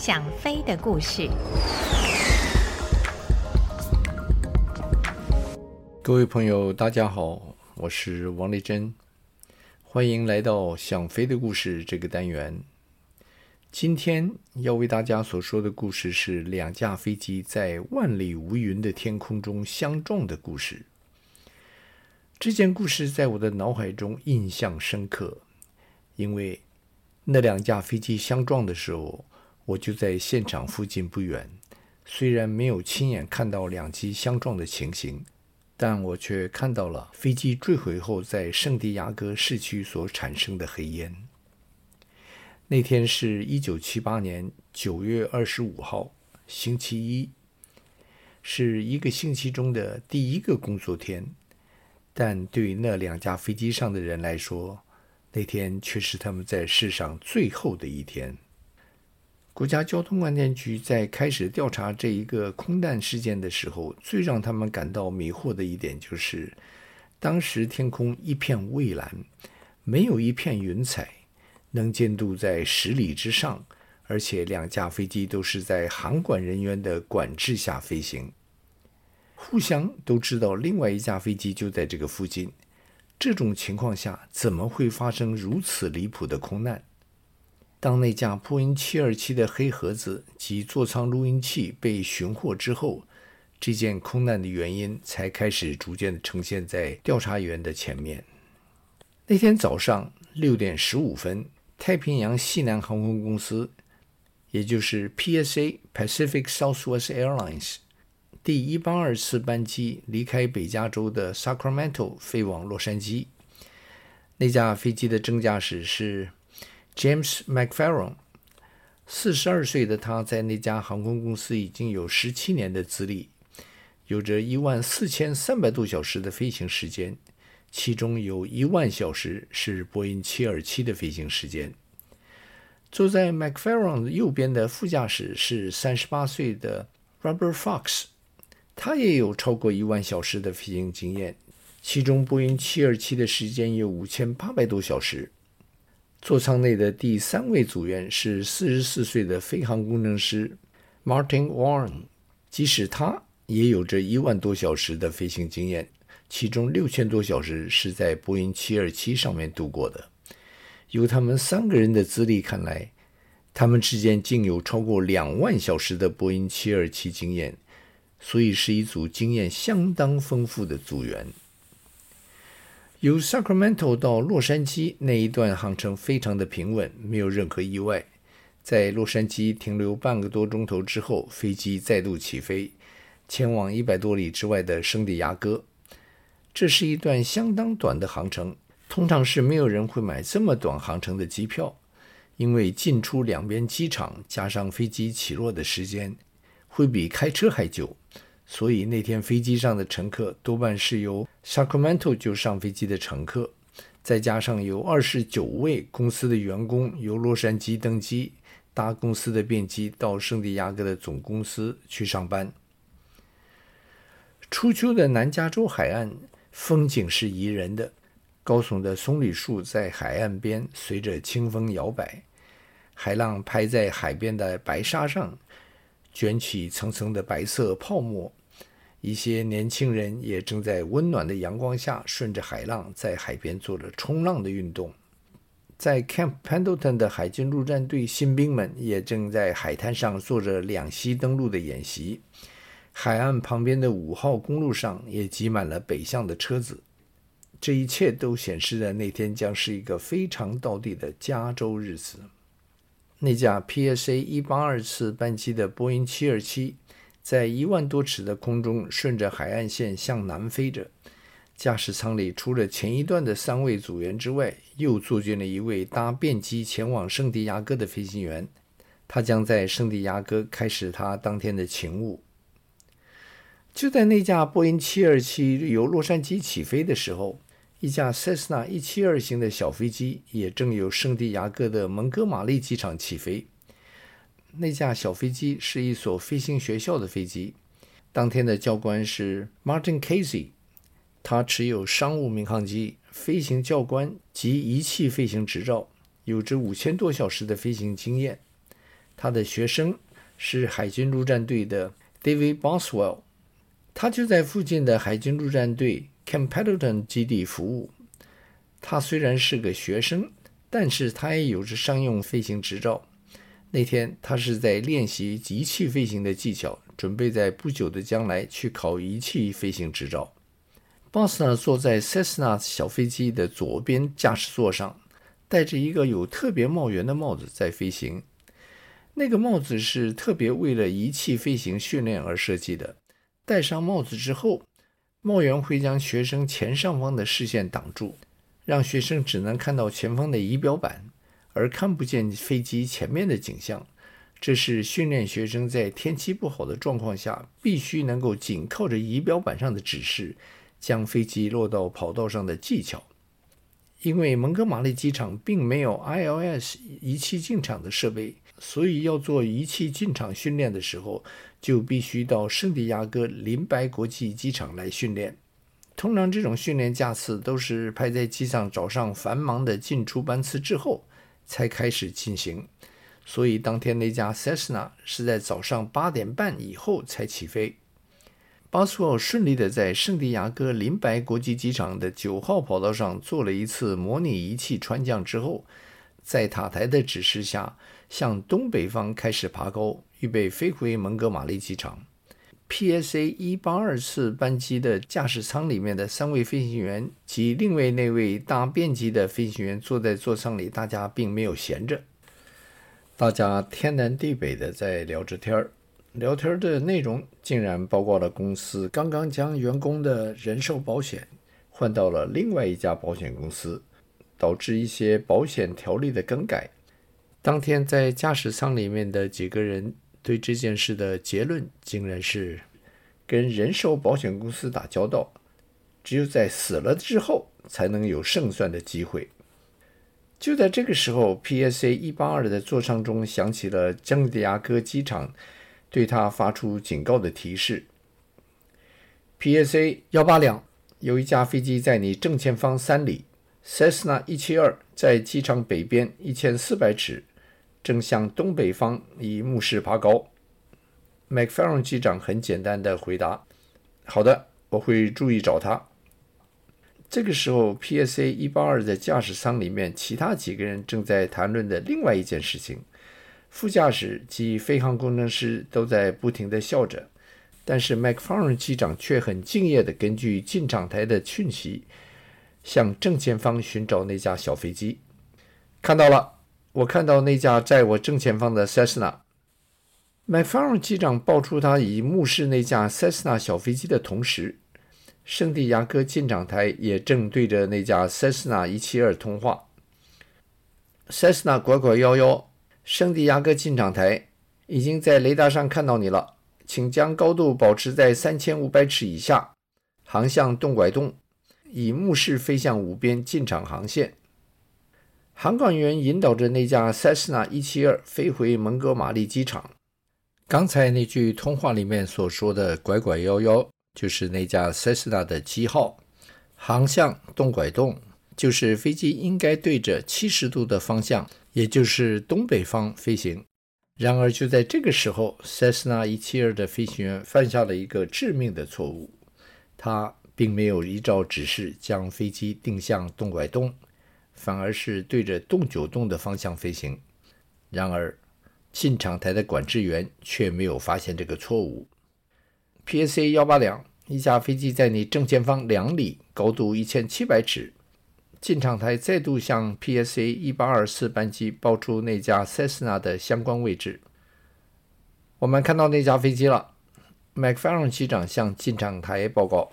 想飛的故事。各位朋友，大家好，我是王麗珍，歡迎來到想飛的故事這個單元。今天要為大家所說的故事是兩架飛機在萬里無雲的天空中相撞的故事。這件故事在我的腦海中印象深刻，因為那兩架飛機相撞的時候，我就在現場附近不遠，雖然沒有親眼看到兩機相撞的情形，但我卻看到了飛機墜毀後在聖地亞哥市區所產生的黑煙。那天是一九七八年九月二十五號，星期一，是一個星期中的第一個工作天，但對那兩架飛機上的人來說，那天卻是他們在世上最後的一天。國家交通管理局在開始調查這一個空難事件的時候，最讓他們感到迷惑的一點就是，當時天空一片蔚藍，沒有一片雲彩，能見度在十里之上，而且兩架飛機都是在航管人員的管制下飛行，互相都知道另外一架飛機就在這個附近，這種情況下怎麼會發生如此離譜的空難？當那架波音727的黑盒子及座艙錄音器被尋獲之後，這件空難的原因才開始逐漸呈現在調查員的前面。那天早上六點十五分，太平洋西南航空公司，也就是 PSA Pacific Southwest Airlines，第一八二次班機離開北加州的 Sacramento 飛往洛杉磯。那架飛機的正駕駛是 James McFarlane，四十二歲的他在那家航空公司已經有十七年的資歷，有着一萬四千三百多小時的飛行時間，其中有一萬小時是波音七二七的飛行時間。坐在 McFarlane、er、右邊的副駕駛是三十八歲的 Robert Fox，他也有超過一萬小時的飛行經驗，其中波音七二七的時間有五千八百多小時。座艙內的第三位組員是四十四歲的飛航工程師 Martin Warren。即使他也有着一萬多小時的飛行經驗，其中六千多小時是在波音727上面度過的。由他們三個人的資歷看來，他們之間竟有超過兩萬小時的波音727經驗，所以是一組經驗相當豐富的組員。由 Sacramento 到洛杉磯那一段航程非常的平穩，沒有任何意外。在洛杉磯停留半個多鐘頭之後，飛機再度起飛，前往一百多里之外的聖地亞哥。這是一段相當短的航程，通常是沒有人會買這麼短航程的機票，因為進出兩邊機場加上飛機起落的時間，會比開車還久。所以那天飛機上的乘客多半是由 Sacramento 就上飛機的乘客，再加上有二十九位公司的員工由洛杉磯登機，搭公司的便機到聖地亞哥的總公司去上班。初秋的南加州海岸風景是宜人的，高聳的棕櫚樹在海岸邊隨着清風搖擺，海浪拍在海邊的白沙上，捲起層層的白色泡沫。一些年輕人也正在溫暖的陽光下，順着海浪在海邊做着衝浪的運動。在 Camp Pendleton 的海軍陸戰隊新兵們也正在海灘上做着兩棲登陸的演習。海岸旁邊的五號公路上也擠滿了北向的車子。這一切都顯示了那天將是一個非常道地的加州日子。那架 PSA 一八二次班機的波音七二七，在一萬多尺的空中，順着海岸線向南飛着。駕駛艙裡除了前一段的三位組員之外，又坐進了一位搭便機前往聖地亞哥的飛行員。他將在聖地亞哥開始他當天的勤務。就在那架波音727由洛杉磯起飛的時候，一架塞斯納172型的小飛機也正由聖地亞哥的蒙哥馬利機場起飛。那架小飛機是一所飛行學校的飛機。當天的教官是 Martin Casey，他持有商務民航機飛行教官及儀器飛行執照，有着五千多小時的飛行經驗。他的學生是海軍陸戰隊的 David Boswell，他就在附近的海軍陸戰隊 Camp Pendleton 基地服務。他雖然是個學生，但是他也有着商用飛行執照。那天，他是在練習儀器飛行的技巧，準備在不久的將來去考儀器飛行執照。Boss 呢，坐在 Cessna 小飛機的左邊駕駛座上，戴着一個有特別帽檐的帽子在飛行。那個帽子是特別為了儀器飛行訓練而設計的。戴上帽子之後，帽檐會將學生前上方的視線擋住，讓學生只能看到前方的儀表板。而看不見飛機前面的景象，這是訓練學生在天氣不好的狀況下，必須能夠僅靠着儀表板上的指示，將飛機落到跑道上的技巧。因為蒙哥馬利機場並沒有 ILS 儀器進場的設備，所以要做儀器進場訓練的時候，就必須到聖地亞哥林白國際機場來訓練。通常這種訓練架次都是排在機場早上繁忙的進出班次之後才開始進行，所以當天那架塞斯納是在早上八點半以後才起飛。巴斯沃順利地在聖地亞哥林白國際機場的九號跑道上做了一次模擬儀器穿降之後，在塔台的指示下向東北方開始爬高，預備飛回蒙哥馬利機場。PAC 一八二次班機的駕駛艙裡面的三位飛行員及另外那位搭便機的飛行員坐在座艙裡，大家並沒有閒着，大家天南地北的在聊着天兒，聊天的內容竟然包括了公司剛剛將員工的人壽保險換到了另外一家保險公司，導致一些保險條例的更改。當天在駕駛艙裡面的幾個人。對這件事的結論竟然是，跟人壽保險公司打交道，只有在死了之後才能有勝算的機會。就在這個時候，PSA 一八二的座艙中響起了聖地亞哥機場對他發出警告的提示：PSA 幺八兩，有一架飛機在你正前方三里，Cessna 一七二在機場北邊一千四百尺。正向東北方以目視爬高，麥克法倫機長很簡單的回答：“好的，我會注意找他。”這個時候 PSA 182的駕駛艙裡面，其他幾個人正在談論的另外一件事情，副駕駛及飛航工程師都在不停的笑着，但是麥克法倫機長却很敬業的根據進場台的訊息，向正前方尋找那架小飛機，看到了。我看到那架在我正前方的塞斯納，麥菲爾機長報出他已目視那架塞斯納小飛機的同時，聖地亞哥進場台也正對着那架塞斯納一七二通話。塞斯納拐拐幺幺，聖地亞哥進場台已經在雷達上看到你了，請將高度保持在三千五百尺以下，航向洞拐洞，以目視飛向五邊進場航線。航管員引導着那架塞斯納一七二飛回蒙哥馬利機場。剛才那句通話裡面所說的“拐拐幺幺”，就是那架塞斯納的機號。航向“洞拐洞”，就是飛機應該對着七十度的方向，也就是東北方飛行。然而就在這個時候，塞斯納一七二的飛行員犯下了一個致命的錯誤，他並沒有依照指示將飛機定向“洞拐洞”。反而是對着洞九洞的方向飛行。然而，進場台的管制員卻沒有發現這個錯誤。PSA 幺八兩，一架飛機在你正前方兩裡，高度一千七百尺。進場台再度向 PSA 一八二四班機報出那架 Cessna 的相關位置。我們看到那架飛機了，McFarland 機長向進場台報告。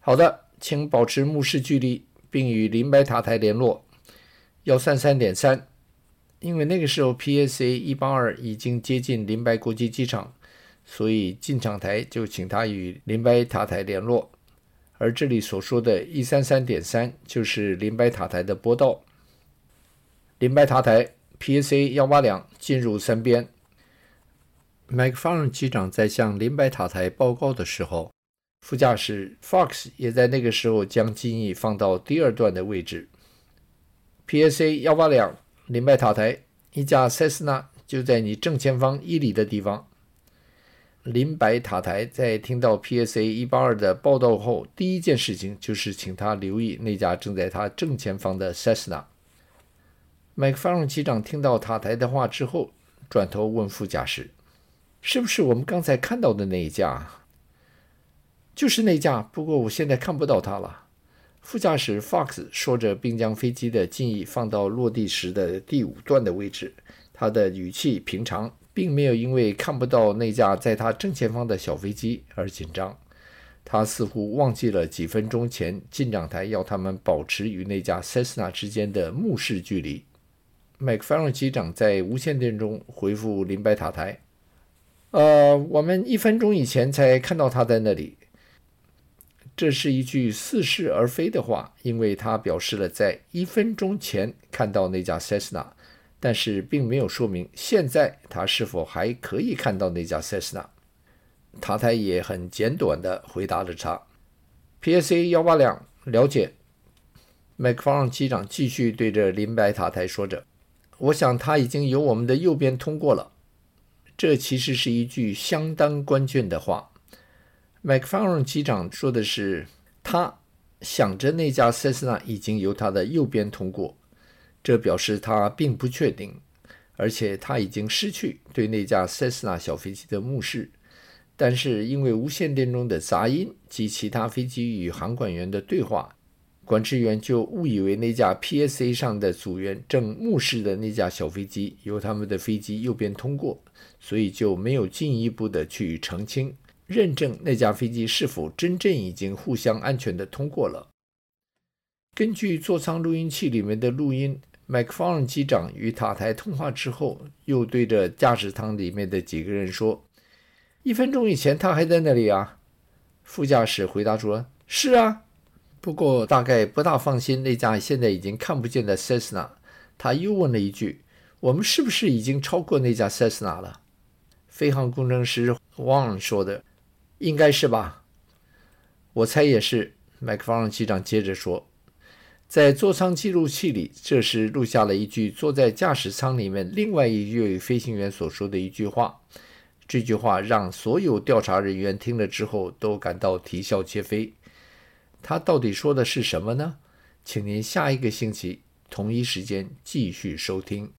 好的，請保持目視距離。並與林白塔台聯絡幺三三點三，3. 3, 因為那個時候 PSA 一八二已經接近林白國際機場，所以進場台就請他與林白塔台聯絡。而這裡所說的幺三三點三就是林白塔台的波道。林白塔台 PSA 幺八兩進入三邊，麥克芬爾機長在向林白塔台報告的時候。副駕駛 Fox 也在那個時候將襟翼放到第二段的位置。PSA 幺八兩，林白塔台，一架 Cessna 就在你正前方一里的地方。林白塔台在聽到 PSA 一八二的報道後，第一件事情就是請他留意那架正在他正前方的 Cessna。McFarland 機長聽到塔台的話之後，轉頭問副駕駛：“是不是我們剛才看到的那一架？”就是那架，不過我現在看不到它了。副駕駛 Fox 說着，並將飛機的襟翼放到落地時的第五段的位置。他的語氣平常，並沒有因為看不到那架在他正前方的小飛機而緊張。他似乎忘記了幾分鐘前進場台要他們保持與那架 Cessna 之間的目視距離。McFarland 機長在無線電中回復林白塔台：“呃，我們一分鐘以前才看到它在那裡。”這是一句似是而非的話，因為它表示了在一分鐘前看到那架塞斯納，但是並沒有說明現在他是否還可以看到那架塞斯納。塔台也很簡短地回答了他。PSA 幺八兩，了解。麥克弗朗機長繼續對着林白塔台說着：“我想他已經由我們的右邊通過了。”這其實是一句相當關鍵的話。麥克法倫機長說的是：“他想着那架塞斯納已經由他的右邊通過，這表示他並不確定，而且他已經失去對那架塞斯納小飛機的目視。但是因為無線電中的雜音及其他飛機與航管員的對話，管制員就誤以為那架 PSA 上的組員正目視的那架小飛機由他們的飛機右邊通過，所以就沒有進一步的去澄清。”認證那架飛機是否真正已經互相安全的通過了？根據座艙錄音器裡面的錄音，麥克風機長與塔台通話之後，又對着駕駛艙裡面的幾個人說：“一分鐘以前他還在那裡啊。”副駕駛回答說：“是啊，不過大概不大放心那架現在已經看不見的 Cessna。”他又問了一句：“我們是不是已經超過那架 Cessna 了？”飛航工程師王說的。應該是吧，我猜也是。麥克法蘭機長接着說：“在座艙記錄器裡，這時錄下了一句坐在駕駛艙裡面另外一位飛行員所說的一句話。這句話讓所有調查人員聽了之後都感到啼笑皆非。他到底說的是什麼呢？請您下一個星期同一時間繼續收聽。”